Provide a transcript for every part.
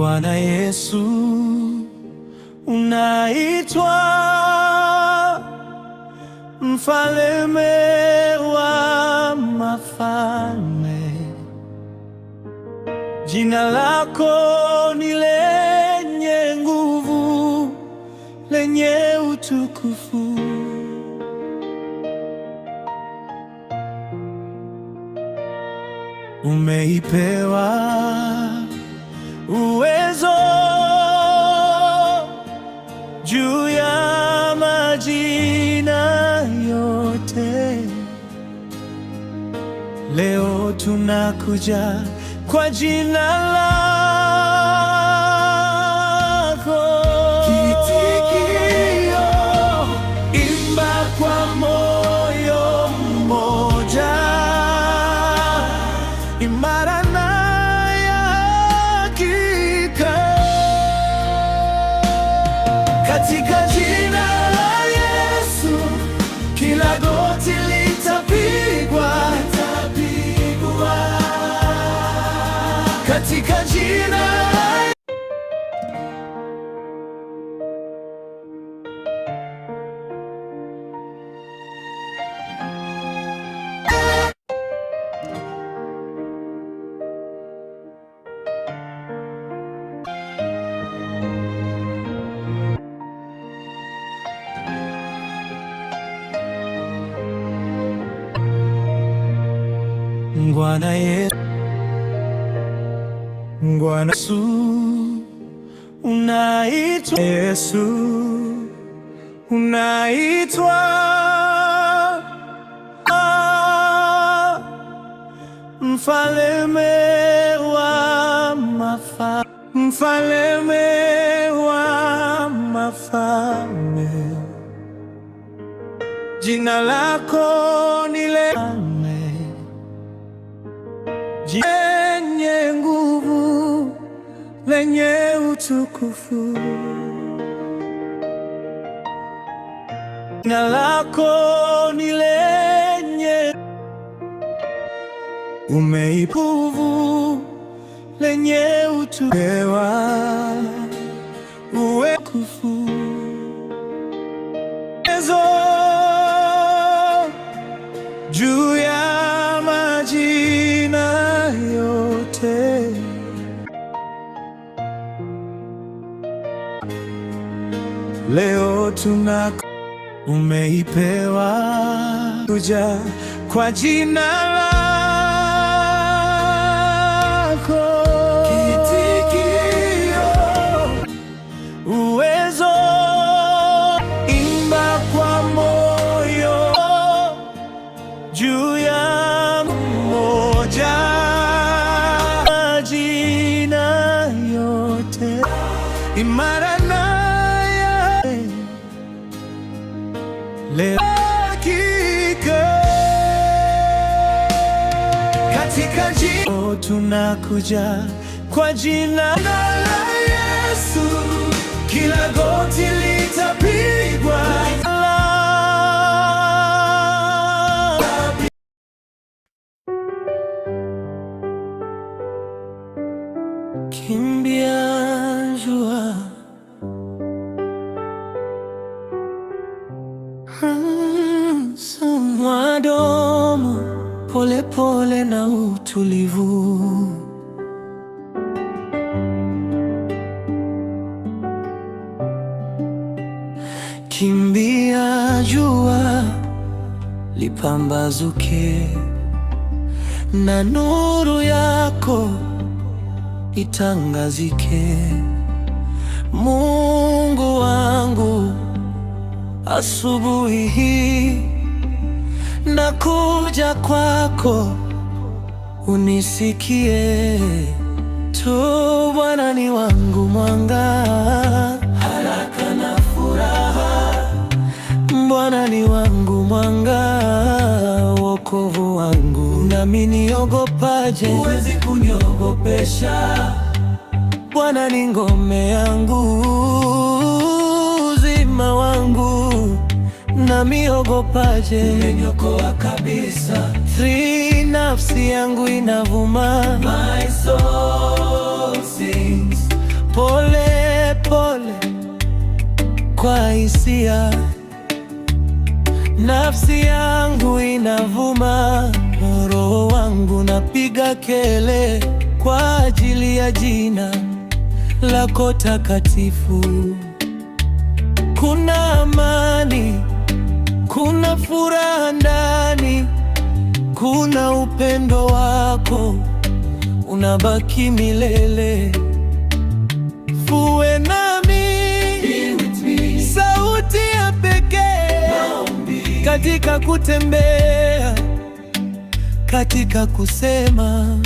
Bwana Yesu, unaitwa mfalme wa mafalme, jina lako ni lenye nguvu, lenye utukufu. Umeipewa tunakuja kwa jina la katika jina Bwana Yesu Bwana Yesu, unaitwa Yesu, unaitwa mfalme wa mafa, mfalme wa mafalme, jina lako ni lema lenye utukufu, jina lako ni lenye umeipuvu lenye utukufu. tunako umeipewa, kuja kwa jina la leo katika jina tunakuja kwa jina la Yesu, kila goti litapigwa. Kimbia jua utulivu. Kimbia jua lipambazuke, na nuru yako itangazike. Mungu wangu, asubuhi hii nakuja kwako unisikie tu Bwana ni wangu mwanga, haraka na furaha. Bwana ni wangu mwanga, wokovu wangu, nami niogopaje? Huwezi kuniogopesha. Bwana ni ngome yangu Unaniogopaje? Umeniokoa kabisa. Three, nafsi yangu inavuma. My soul sings. Pole pole kwa hisia, nafsi yangu inavuma, roho wangu napiga kele kwa ajili ya jina lako takatifu. Kuna amani kuna furaha ndani, kuna upendo wako unabaki milele. Fuwe nami, sauti ya pekee katika kutembea, katika kusema,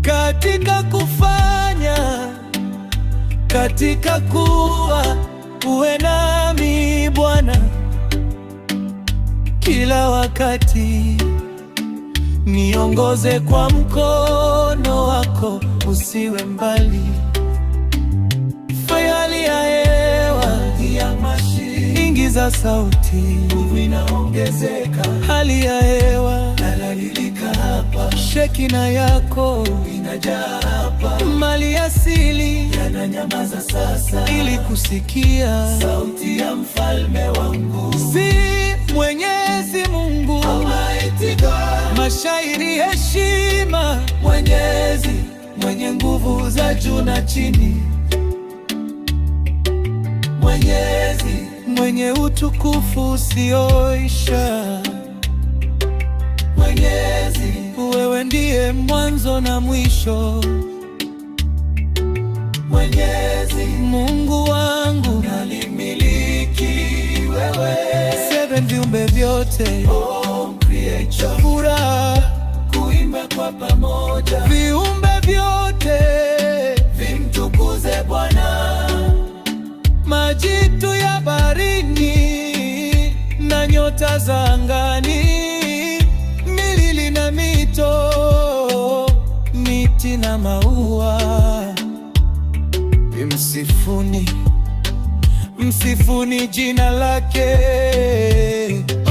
katika kufanya, katika kuwa. Uwe nami Bwana wakati, niongoze kwa mkono wako, usiwe mbali. Fayali ya hewa ya mashine, ingiza sauti, nguvu inaongezeka. Hali ya hewa nabadilika hapa, shekina yako inajaa hapa, mali asili yananyamaza sasa, ili kusikia sauti ya mfalme wangu. Mwenyezi Mungu mashairi heshima, Mwenyezi mwenye nguvu za juu na chini, Mwenyezi mwenye utukufu usioisha, Mwenyezi wewe ndiye mwanzo na mwisho, Mwenyezi Mungu wangu nalimiliki wewe Nipe viumbe vyote oh, furaha, kuimba kwa pamoja, viumbe vyote vimtukuze Bwana, majitu ya barini na nyota za angani, milili na mito, miti na maua, vimsifuni msifuni jina lake.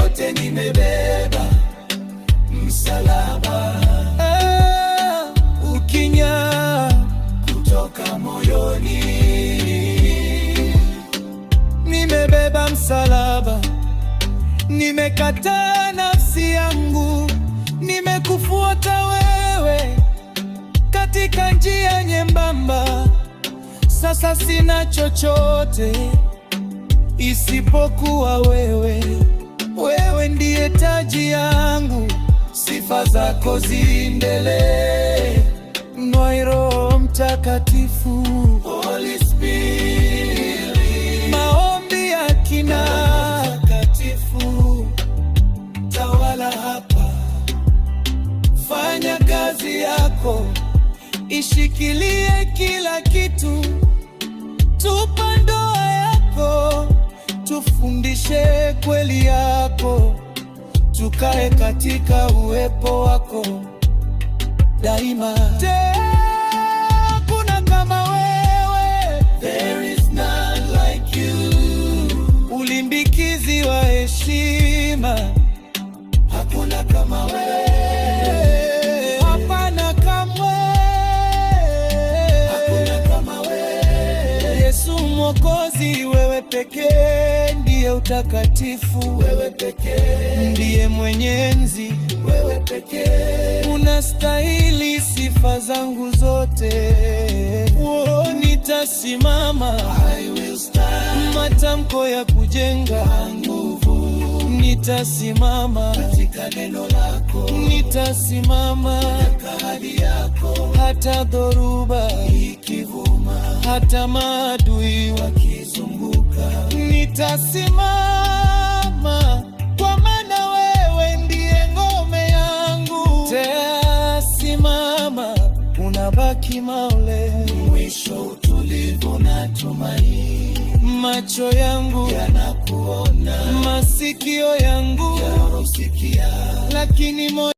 ote nimebeba msalaba ah, ukinya kutoka moyoni, nimebeba msalaba, nimekataa nafsi yangu, nimekufuata wewe katika njia nyembamba. Sasa sina chochote isipokuwa wewe. Wewe ndiye taji yangu, sifa zako ziendelee. Mnywai Roho Mtakatifu, Holy Spirit, maombi ya kina takatifu, tawala hapa, fanya kazi yako, ishikilie kila kitu, tupa ndoa yako tufundishe kweli yako, tukae katika uwepo wako daima. Hakuna kama wewe, there is none like you, ulimbikizi wa heshima, hakuna kama wewe Mwokozi pekee ndiye utakatifu, wewe pekee ndiye mwenyenzi, wewe pekee unastahili sifa zangu zote. Oh, nitasimama, matamko ya kujenga nitasimama katika neno lako, nitasimama ahadi yako, hata dhoruba ikivuma, hata maadui wakizunguka nitasimama, kwa maana wewe ndiye ngome yangu. Tasimama, unabaki Maule, mwisho utulivu na tumaini. Macho yangu yanakuona, masikio yangu yanasikia, lakini